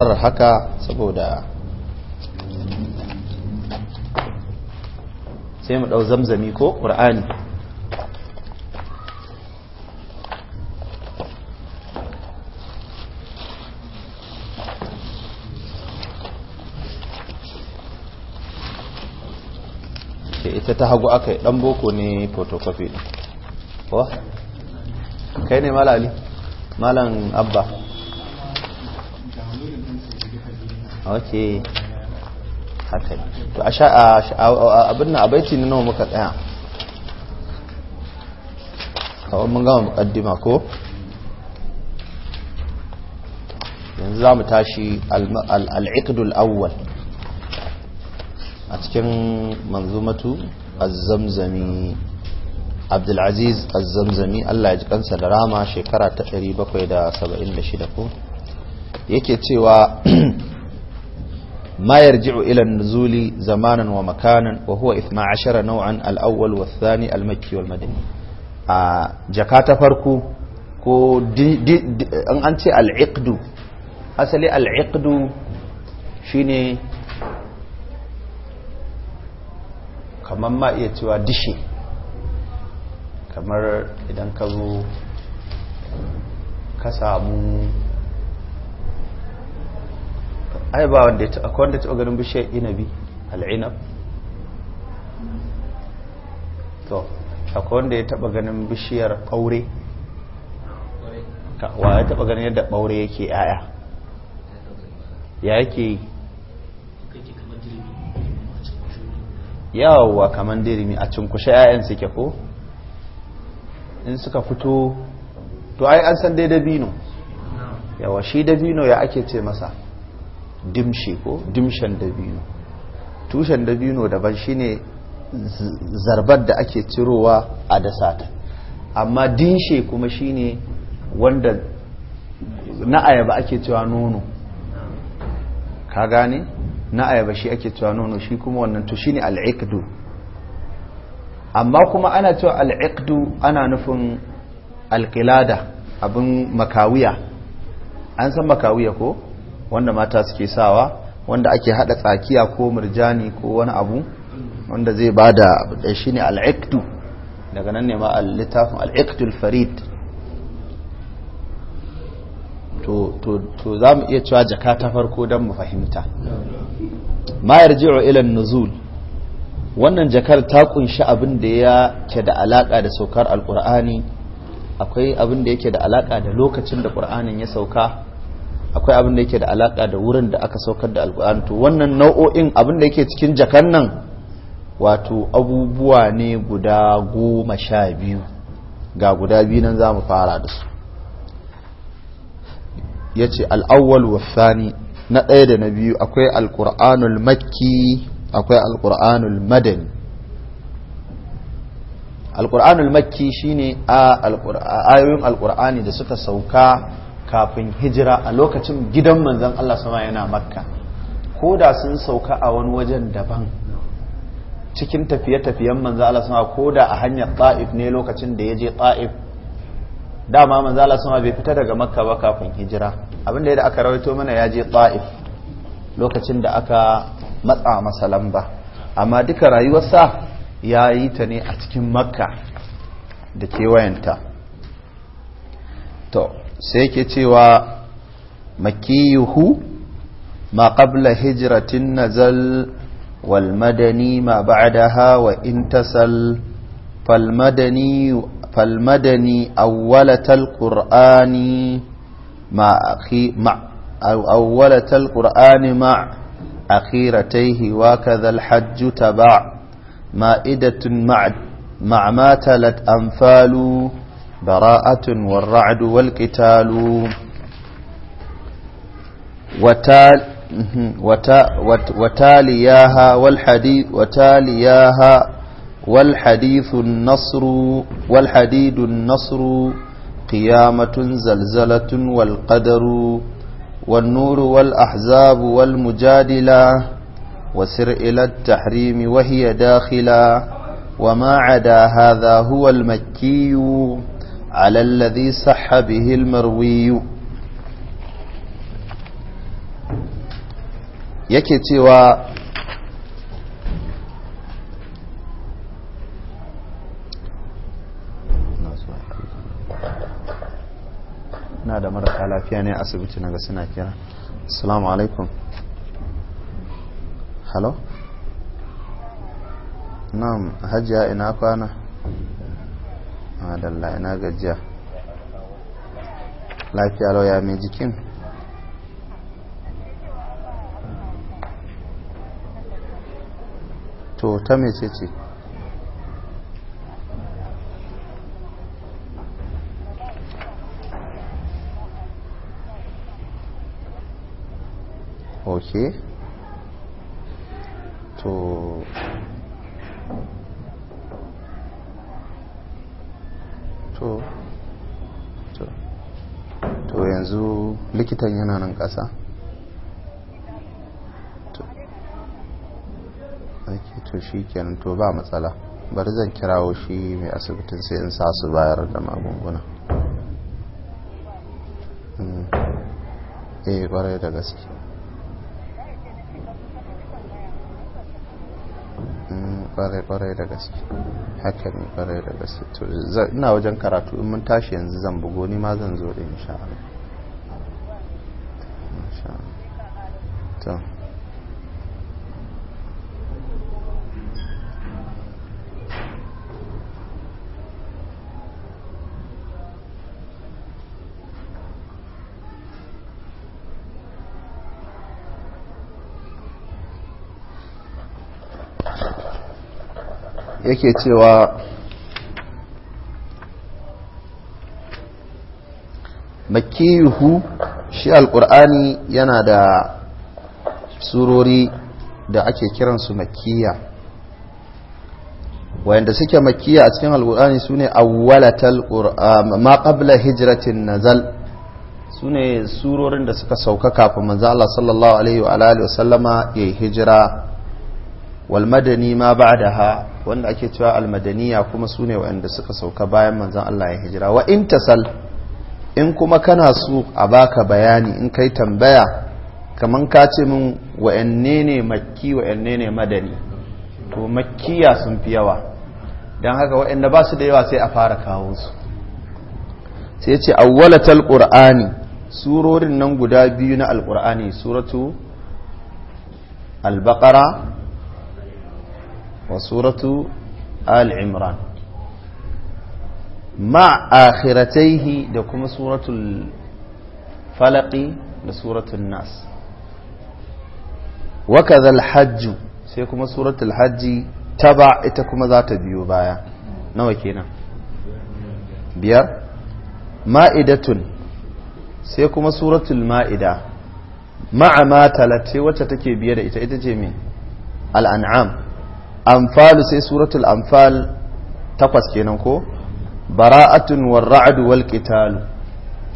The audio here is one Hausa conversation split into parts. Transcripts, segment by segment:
farar haka saboda sai mu ɗau zamzami ko ƙur'ani ita ta hagu aka yi ɗan boko ne photocopy ɗin kai ne malali malan abba okay haka ne to a abin na abaiti ne nawa muka tsaya kawo mun gama mukaddima ko yanzu za mu tashi al'ikdul awwal a cikin manzumatu azzamzami abdulaziz azzamzami allah ya ji kansa da rama shekara ta 776 ko yake cewa ما يرجع إلى النزول زمانا ومكانا وهو 12 نوعا الأول والثاني المكي والمدني جكاتا فركو ko an ce al'iqdu asali al'iqdu shine kamar ma iya cewa dishe kamar idan ka zo ka samu ai ba wanda ya akwai wanda taɓa ganin bishiyar inabi al'inab to akwai wanda ya taɓa ganin bishiyar ɓaure wa ya taɓa ganin yadda ɓaure yake yaya ya yake yi yawwa kamar dirimi a cinkushe 'ya'yan suke ko in suka fito to ai an san dai dabino yawa shi dabino ya ake ce masa dimshi ko dimshan dabino tushen dabino daban shine zarbar da ake cirowa a dasata amma dinshe kuma shine wanda na ayaba ake cewa nono ka gane na ayaba shi ake cewa nono shi kuma wannan to shine al'iqdu amma kuma ana cewa al'iqdu ana nufin alƙilada abin makawiya an san makawiya ko wanda mata suke sawa wanda ake hada tsakiya ko murjani ko wani abu wanda zai bada da shine ne iqdu daga nan ne ma al al farid to to to iya cewa jaka ta farko dan mu fahimta ma yarji'u ila nuzul wannan jakar ta kunshi abin da yake da alaka da saukar alqur'ani akwai abin da yake da alaka da lokacin da qur'anin ya sauka akwai abin da yake da alaka da wurin da aka saukar da alkur'ani to wannan nau'o'in abin da yake cikin jakan nan wato abubuwa ne guda goma sha biyu ga guda biyu nan za mu fara da su ya ce al'awwal wasani na ɗaya da na biyu akwai alƙur'anul makki akwai alƙur'anul madani alƙur'anul makki shine a ayoyin alkur'ani da suka sauka kafin hijira a lokacin gidan manzan Allah sama yana makka ko da sun sauka a wani wajen daban cikin tafiye-tafiyen manzan Allah sama ko da a hanyar ta'if ne lokacin da ya je ta'if dama manzan Allah sama bai fita daga makka ba kafin hijira abinda da aka rawaito mana ya je ta'if lokacin da aka matsa masa lamba amma duka rayuwarsa ya yi ta ne a cikin makka da kewayenta sai ke cewa makiyuhu ma qabla hijratin nazal wal madani ma ba'daha wa intasal fal madani awwalatal qur'ani ma akhi ma awwalatal qur'ani ma akhiratayhi wa kadhal hajju taba' مائدة مع براءة والرعد والقتال وتال وتالياها والحديث وتالياها والحديث النصر والحديد النصر قيامة زلزلة والقدر والنور والأحزاب والمجادلة وسر إلى التحريم وهي داخلة وما عدا هذا هو المكي على الذي صح به المروي yake cewa na da marasa lafiya ne asibiti na ga suna kira assalamu alaikum hello na'am hajiya ina kwana madalla ina gajiya lafiya lauya mai jikin to ta mece ce ok to likitan yana nan ƙasa to shi kenan to ba matsala bari zan kirawo shi mai asibitin sai in sa su bayar da magunguna hmm. eh kwarai da gaske kwarai-kwarai hmm, da gaske haka ne kwarai da gaske ina wajen karatu in mun tashi yanzu zan bugo ni ma zan zo da insha Allah yake cewa makiyuhu shi alkur'ani yana da surori da ake kiransu makiya wayanda suke makiya a cikin alkur'ani sune ne awwalatal ma qabla hijratin nazal su surorin da suka sauka kafin manzo Allah sallallahu alaihi wa alihi wasallama ya hijira wal madani ma ba'daha wanda ake cewa al madaniya kuma sune ne wayanda suka sauka bayan manzon Allah ya hijira wa intasal in kuma kana su a baka bayani in kai tambaya kamar ka ce min wa'anne ne makki wa'anne ne madani to makkiya sun fi yawa don haka wa'anda ba su da yawa sai a fara kawo su sai ce awwalatal qur'ani surorin nan guda biyu na alqur'ani suratu al-baqara wa suratu al-imran ma akhirataihi da kuma suratul falaqi da suratul nas wakazal kadhal sai kuma suratul hajj taba ita kuma za ta biyo baya nawa kenan biyar ma'idatun sai kuma suratul ma'ida ma'a ma talatte wacce take biye da ita ita ce me al'an'am amfalu sai suratul amfal takwas kenan ko bara'atun war ra'adu wal qital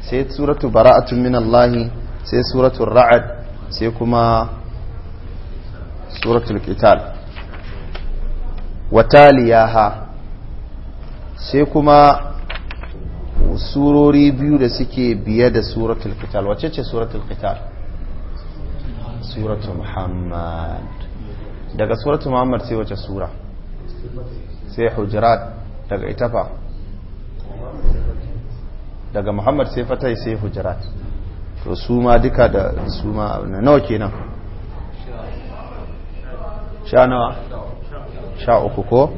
sai suratu bara'atun min allahi sai suratul ra'ad sai kuma suratul qital wataliyaha sai kuma surori biyu da suke biye da suratul qital wace ce suratul qital suratul muhammad daga suratul muhammad sai wace sura sai hujurat daga ita fa daga muhammad sai fatai sai hujurat to su ma duka da su ma nawa kenan sha nawa sha uku ko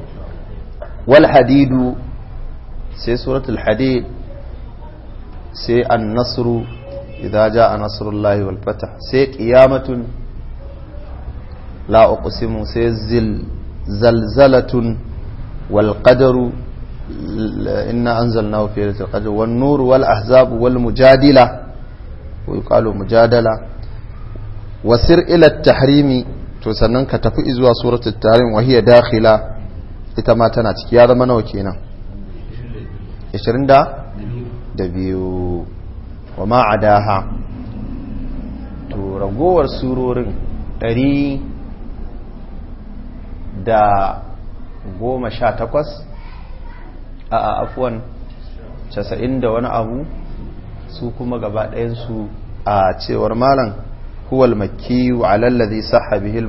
wal hadidu sai suratul hadid sai an nasru idza jaa nasrullahi wal fatah sai qiyamatun la uqsimu sai zil zalzalatun wal qadaru inna anzalnahu fi lailatul qadr wan nur wal ahzab wal mujadila ويقال مجادلة وسر إلى التحريم to sannan ka tafi zuwa suratul tarin wa dakhila ita ma tana ciki ya zama nawa kenan 20 da da biyu wa ma adaha to ragowar surorin 100 da goma sha takwas a afuwan casa'in da wani abu su kuma gaba a cewar malam huwa al-makki wa ala alladhi sahha bihi al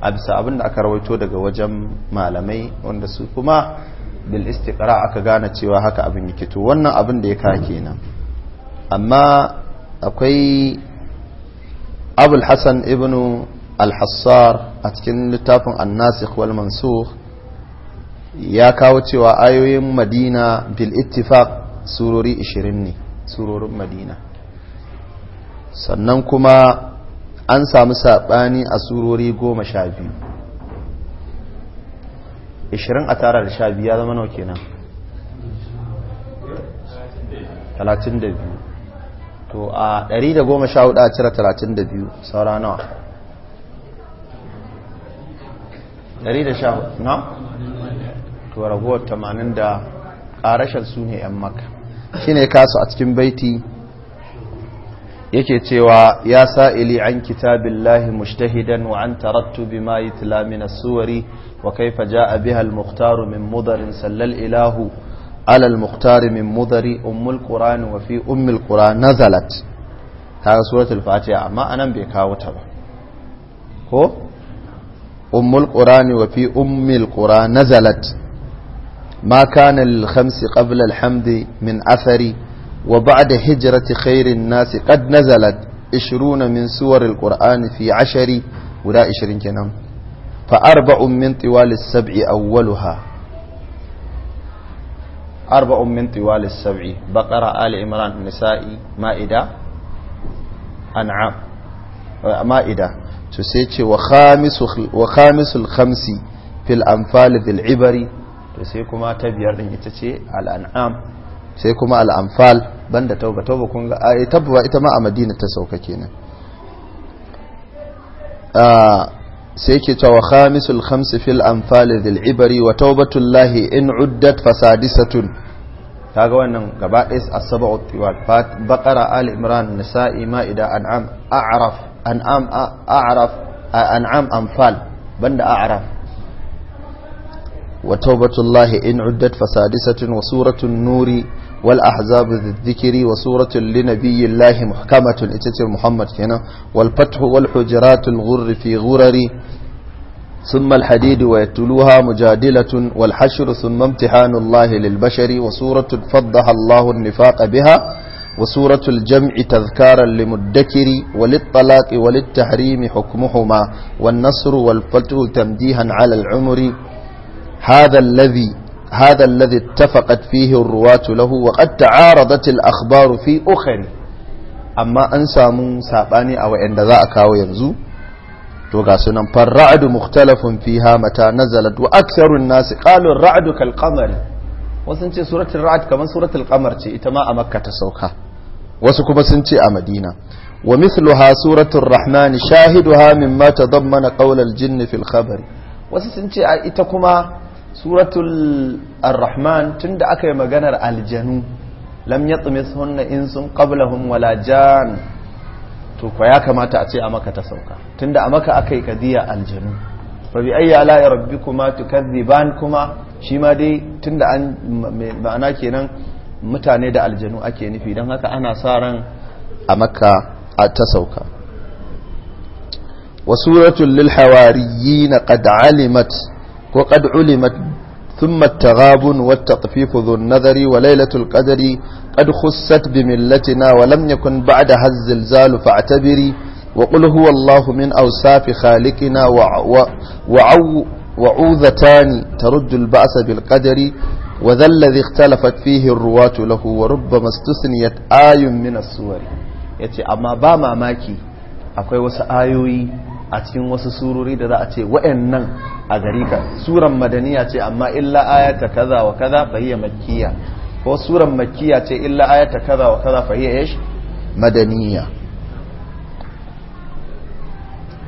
a abinda aka rawaito daga wajen malamai wanda su kuma bil istiqra aka gane cewa haka abin yake to wannan abin da ya ka kenan amma akwai abul hasan ibnu al-hassar a cikin littafin an-nasikh wal mansukh ya kawo cewa ayoyin madina bil ittifaq surori 20 ne surorin madina sannan kuma an samu saɓani a surori goma sha biyu ishirin a tara da sha biyu ya zama nau kenan talatin da biyu to a ɗari da goma sha hudu a cire talatin da biyu saura nawa ɗari da sha hudu na? to ragowar tamanin da ƙarashen su ne 'yan maka shi ne kasu a cikin baiti yake cewa ya sa'ili an kitabillahi mushtahidan wa an tarattu bima yutla min as-suwari wa kaifa ja biha al-mukhtar min mudarin sallal ilahu alal al min mudari ummul quran wa fi ummil quran nazalat ta suratul fatiha amma anan bai kawo ta ba ko ummul quran wa fi ummil quran nazalat ma kana lil qabla al min athari وبعد هجرة خير الناس قد نزلت عشرون من سور القرآن في عشر ولا عشرين كنام فأربع من طوال السبع أولها أربع من طوال السبع بقرة آل عمران النساء مائدة أنعام مائدة تسيتش وخامس, وخامس الخمس في الأنفال ذي العبر تسيكما تبير إن يتشي الأنعام sai kuma al'amfal banda tauba tauba kun ga ai tabba ita ma a madina ta sauka kenan sai ke cewa khamisul khams fil anfal dhil ibri wa tawbatul lahi in uddat fasadisatun kaga wannan gaba ɗaya as-sab'u tiwal baqara al imran nisa'i ma'ida an'am a'raf an'am a'raf an'am anfal banda a'raf wa tawbatul lahi in uddat fasadisatun wa suratul nuri والأحزاب الذكري وصورة لنبي الله محكمة اتتر محمد هنا والفتح والحجرات الغر في غرري ثم الحديد ويتلوها مجادلة والحشر ثم امتحان الله للبشر وصورة فضح الله النفاق بها وصورة الجمع تذكارا لمدكر وللطلاق وللتحريم حكمهما والنصر والفتح تمديها على العمر هذا الذي هذا الذي اتفقت فيه الرواة له وقد تعارضت الأخبار في أخر أما أنسى من ساباني أو عند ذاك وينزو توقاسنا فالرعد مختلف فيها متى نزلت وأكثر الناس قالوا الرعد كالقمر وسنتي سورة الرعد كمان سورة القمر إتماء مكة سوكا وسكوبة سنتي أمدينة ومثلها سورة الرحمن شاهدها مما تضمن قول الجن في الخبر وسنتي إتكما suratul ar-rahman tunda aka yi maganar aljanu lam suna in sun qablahum wala jan to kwa ya kamata a ce a maka ta sauka tunda a maka aka yi kadiya aljanu rabi ayya ala ya rabbi kuma shi ma dai tunda an ma'ana kenan mutane da aljanu ake nufi don haka ana sa ran a maka ta sauka wa suratul lil hawariyyin qad alimat وقد علمت ثم التغابن والتطفيف ذو النذر وليلة القدر قد خست بملتنا ولم يكن بعدها الزلزال فاعتبري وقل هو الله من أوصاف خالقنا وعو وعو وعوذتان ترد البأس بالقدر وذا الذي اختلفت فيه الرواة له وربما استثنيت آي من الصور يتي أما باما ماكي أكوي وسآيوي a cikin wasu surori da za a ce wa'annan a gari ka suran madaniya ce amma illa ayata kaza wa kaza fa hiya makkiya ko suran makkiya ce illa ayata kaza wa kaza fa hiya ish madaniya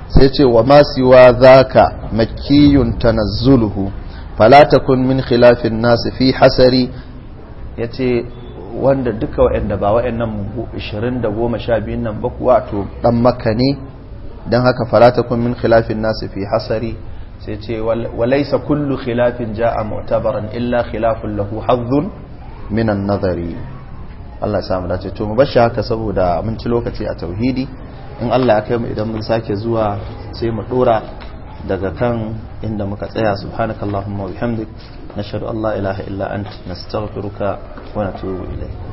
sai ce wa ma siwa zaka makkiyun tanazzuluhu fala takun min khilafin nas fi hasari yace wanda duka wa'anda ba wa'annan 20 da 12 nan ba kuwa to dan makka ne don haka falatakun min khilafin nasu fi hasari sai ce walaisa kullu khilafin ja'a mu'tabaran illa khilafun lahu hazzun minan nazari Allah ya samu dace to mu bashi haka saboda mun ci lokaci a tauhidi in Allah ya kai mu idan mun sake zuwa sai mu dora daga kan inda muka tsaya subhanakallahumma wa bihamdik nashhadu an la ilaha illa anta nastaghfiruka wa natubu ilayk